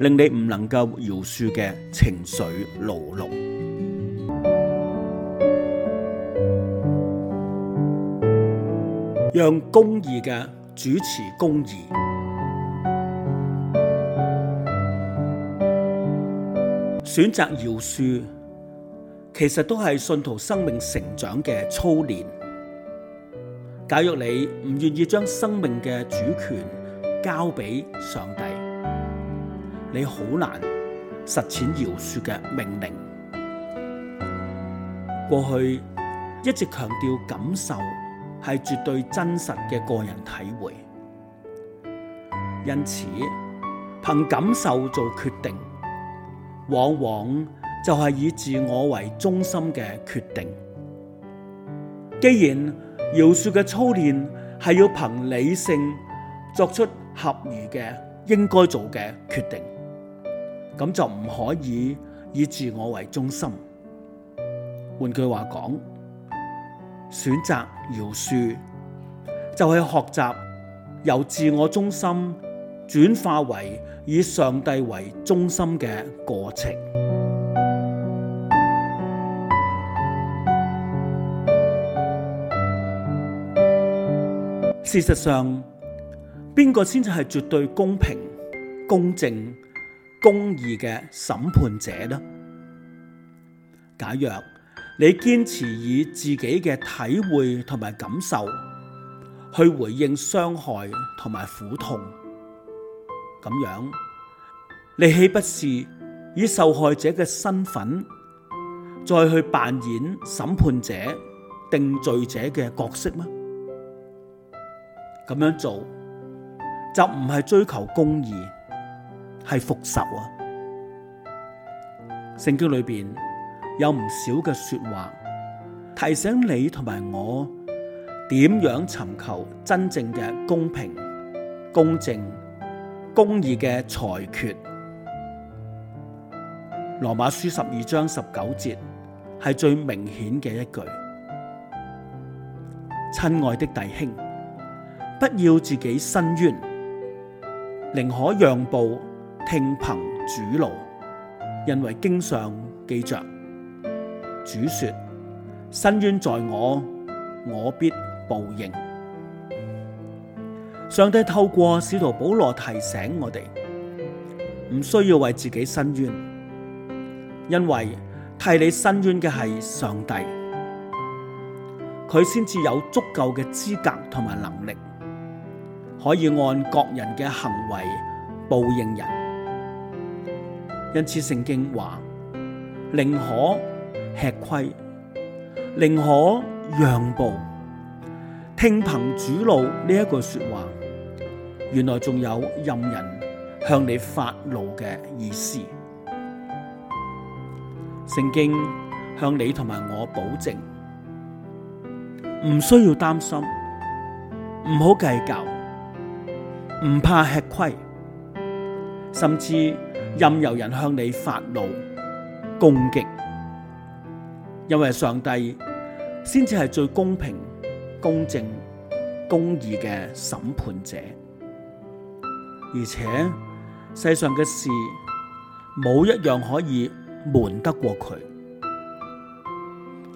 令你唔能夠饒恕嘅情緒牢籠，讓公義嘅主持公義，選擇饒恕，其實都係信徒生命成長嘅操練。假若你唔願意將生命嘅主權交俾上帝。你好難實踐饒恕嘅命令。過去一直強調，感受係絕對真實嘅個人體會，因此憑感受做決定，往往就係以自我為中心嘅決定。既然饒恕嘅操練係要憑理性作出合宜嘅應該做嘅決定。咁就唔可以以自我為中心。換句話講，選擇饒恕就係學習由自我中心轉化為以上帝為中心嘅過程。事實上，邊個先至係絕對公平、公正？公義嘅審判者呢？假若你堅持以自己嘅體會同埋感受去回應傷害同埋苦痛，咁樣你豈不是以受害者嘅身份再去扮演審判者、定罪者嘅角色嗎？咁樣做就唔係追求公義。係復仇啊！聖經裏邊有唔少嘅說話，提醒你同埋我點樣尋求真正嘅公平、公正、公義嘅裁決。羅馬書十二章十九節係最明顯嘅一句：親愛的弟兄，不要自己伸冤，寧可讓步。聽憑主怒，因為經上記着主說：申冤在我，我必報應。上帝透過使徒保羅提醒我哋，唔需要為自己申冤，因為替你申冤嘅係上帝，佢先至有足夠嘅資格同埋能力，可以按各人嘅行為報應人。因此，聖經話寧可吃虧，寧可讓步，聽憑主怒呢一句說話，原來仲有任人向你發怒嘅意思。聖經向你同埋我保證，唔需要擔心，唔好計較，唔怕吃虧，甚至，任由人向你發怒攻擊，因為上帝先至係最公平、公正、公義嘅審判者，而且世上嘅事冇一樣可以瞞得過佢。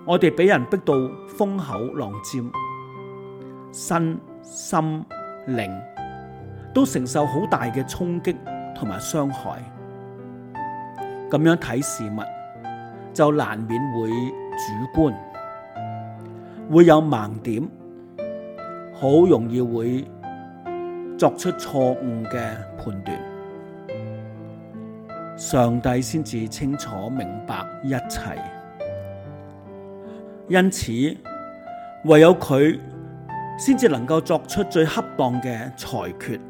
我哋俾人逼到風口浪尖，身、心、靈都承受好大嘅衝擊同埋傷害。咁樣睇事物，就難免會主觀，會有盲點，好容易會作出錯誤嘅判斷。上帝先至清楚明白一切，因此唯有佢先至能夠作出最恰當嘅裁決。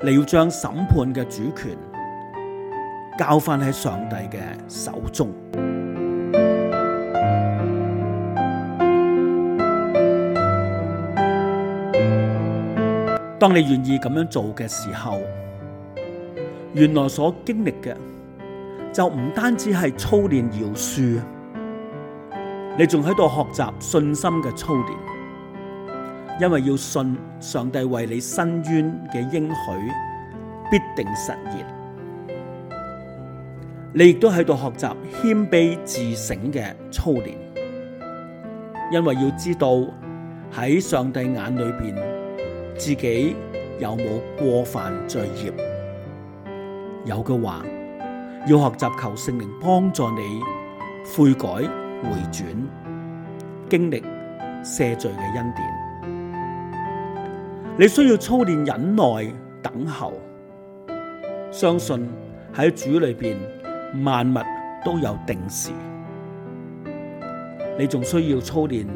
你要將審判嘅主權，交翻喺上帝嘅手中。當你願意咁樣做嘅時候，原來所經歷嘅就唔單止係操練饒恕，你仲喺度學習信心嘅操練，因為要信上帝為你申冤嘅應許必定實現。你亦都喺度學習謙卑自省嘅操練，因為要知道喺上帝眼裏邊，自己有冇過犯罪孽？有嘅話，要學習求聖靈幫助你悔改回轉，經歷赦罪嘅恩典。你需要操練忍耐等候，相信喺主裏邊。萬物都有定時，你仲需要操練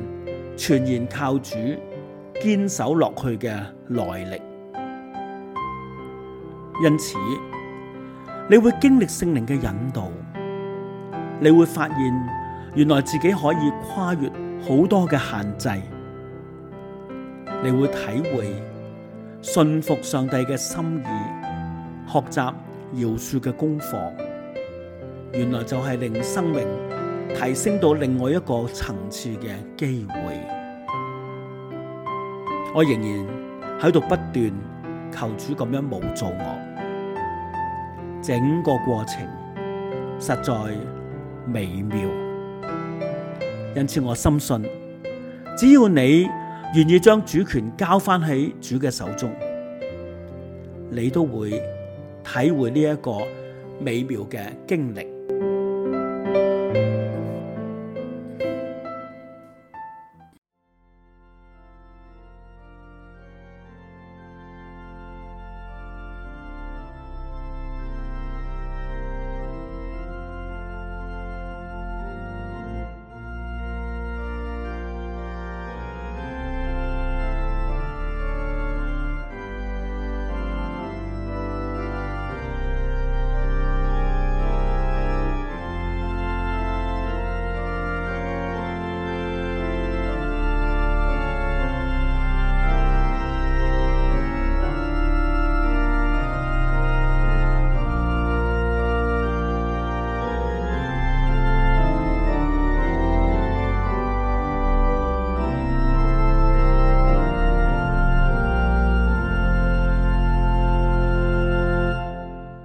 全然靠主堅守落去嘅耐力。因此，你會經歷聖靈嘅引導，你會發現原來自己可以跨越好多嘅限制，你會體會信服上帝嘅心意，學習饒恕嘅功課。原來就係令生命提升到另外一個層次嘅機會。我仍然喺度不斷求主咁樣扶助我，整個過程實在美妙。因此我深信，只要你願意將主權交翻喺主嘅手中，你都會體會呢一個美妙嘅經歷。